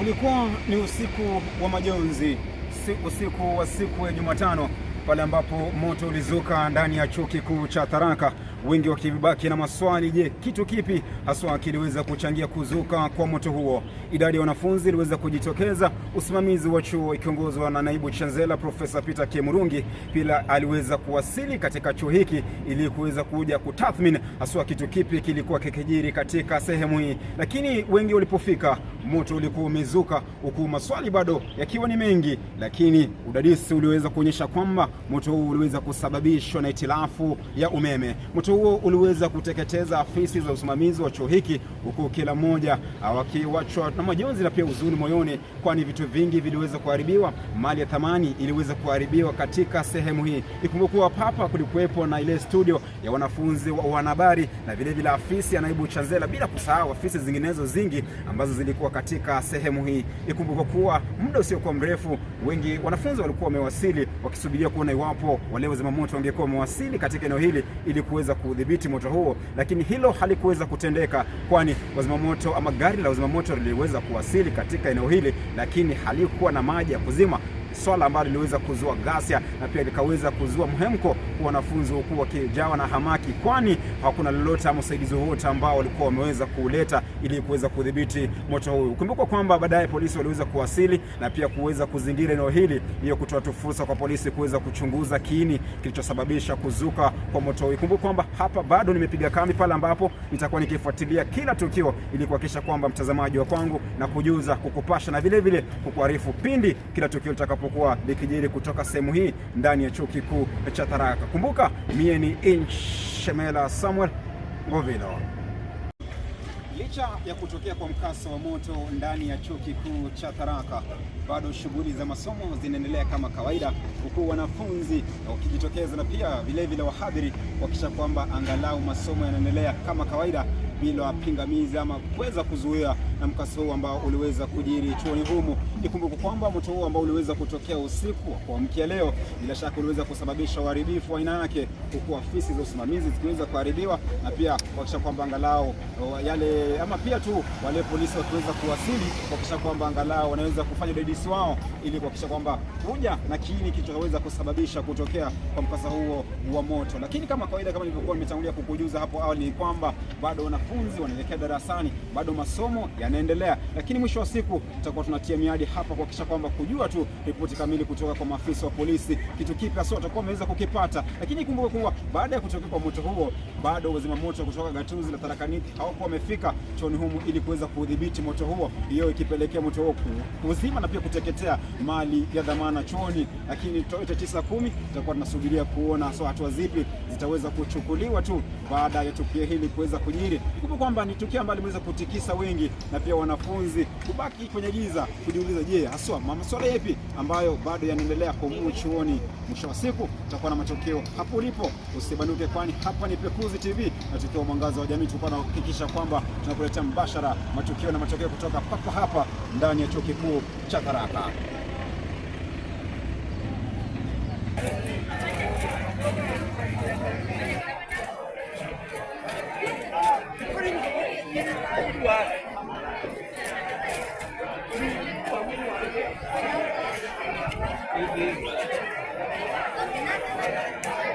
Ulikuwa ni usiku wa majonzi, si usiku wa siku ya Jumatano pale ambapo moto ulizuka ndani ya chuo kikuu cha Tharaka, wengi wakibaki na maswali. Je, kitu kipi haswa kiliweza kuchangia kuzuka kwa moto huo? Idadi ya wanafunzi iliweza kujitokeza. Usimamizi wa chuo ikiongozwa na naibu chanzela Profesa Peter Kemurungi pia aliweza kuwasili katika chuo hiki ili kuweza kuja kutathmini haswa kitu kipi kilikuwa kikijiri katika sehemu hii, lakini wengi walipofika moto ulikuwa umezuka, huku maswali bado yakiwa ni mengi, lakini udadisi uliweza kuonyesha kwamba Moto huu uliweza kusababishwa na itilafu ya umeme. Moto huo uliweza kuteketeza afisi za usimamizi wa chuo hiki, huku kila mmoja wakiwachwa na majonzi na pia huzuni moyoni, kwani vitu vingi viliweza kuharibiwa, mali ya thamani iliweza kuharibiwa katika sehemu hii. Ikumbukwa papa kulikuwepo na ile studio ya wanafunzi wa wanahabari na vilevile afisi ya naibu chanzela, bila kusahau afisi zinginezo zingi ambazo zilikuwa katika sehemu hii. Ikumbukwa kuwa muda usiokuwa mrefu wengi wanafunzi walikuwa wamewasili wakisubiria kuona iwapo wale wazima moto wangekuwa wamewasili katika eneo hili ili kuweza kudhibiti moto huo, lakini hilo halikuweza kutendeka, kwani wazima moto ama gari la wazima moto liliweza kuwasili katika eneo hili, lakini halikuwa na maji ya kuzima swala ambalo liliweza kuzua ghasia na pia likaweza kuzua mhemko kwa wanafunzi, huku wakijawa na hamaki, kwani hakuna lolote ama usaidizi wowote ambao walikuwa wameweza kuleta ili kuweza kudhibiti moto huu. Kumbuka kwamba baadaye polisi waliweza kuwasili na pia kuweza kuzingira eneo hili ili kutoa fursa kwa polisi kuweza kuchunguza kiini kilichosababisha kuzuka kwa moto huu. Kumbuka kwamba hapa bado nimepiga kambi pale ambapo nitakuwa nikifuatilia kila tukio ili kuhakikisha kwamba mtazamaji wa kwangu na kujuza, kukupasha na vile vile kukuarifu pindi kila tukio litakapo litakapokuwa likijiri kutoka sehemu hii ndani ya chuo kikuu cha Tharaka. Kumbuka mie ni Inshemela Samuel Govilo. Licha ya kutokea kwa mkasa wa moto ndani ya chuo kikuu cha Tharaka, bado shughuli za masomo zinaendelea kama kawaida, huku wanafunzi wakijitokeza na pia vilevile wahadhiri kuhakikisha kwamba angalau masomo yanaendelea kama kawaida bila pingamizi ama kuweza kuzuia na mkasa huu ambao uliweza kujiri chuoni humu. Ikumbuke kwamba moto huu ambao uliweza kutokea usiku wa kuamkia leo, bila shaka uliweza kusababisha uharibifu wa aina yake, huku afisi za usimamizi zikiweza kuharibiwa na pia kuhakikisha kwamba angalau yale ama pia tu wale polisi wakiweza kuwasili kuhakikisha kwamba angalau wanaweza kufanya udadisi wao ili kuhakikisha kwamba kuja na kiini kilichoweza kusababisha kutokea kwa mkasa huo wa moto. Lakini kama kawaida, kama nilivyokuwa nimetangulia kukujuza hapo awali, ni kwamba bado wanafunzi wanaelekea darasani, bado masomo yanaendelea, lakini mwisho wa siku tutakuwa tunatia miadi hapa kuhakikisha kwamba kujua tu ripoti kamili kutoka kwa maafisa wa polisi, kitu kipi hasa watakuwa wameweza kukipata. Lakini kumbuka kuwa baada ya kutokea kwa moto huo, bado wazima moto kutoka gatuzi la Tarakaniki hawakuwa wamefika chuoni humu ili kuweza kudhibiti moto huo, hiyo ikipelekea moto huo kuzima na pia kuteketea mali ya dhamana chuoni. Lakini Toyota 910 tutakuwa tunasubiria kuona so hatua zipi zitaweza kuchukuliwa tu baada ya tukio hili kuweza kujiri. Kumbuka kwamba ni tukio ambalo limeweza kutikisa wengi na pia wanafunzi kubaki kwenye giza kujiuliza, je, haswa maswala yapi ambayo bado yanaendelea humu chuoni? Mwisho wa siku tutakuwa na matokeo hapo ulipo, usibanuke, kwani hapa ni Pekuzi TV na tukiwa mwangaza wa jamii, tulikuwa kuhakikisha kwamba tunakuletea mbashara matukio na matokeo kutoka papo hapa ndani ya chuo kikuu cha Tharaka. Thank you.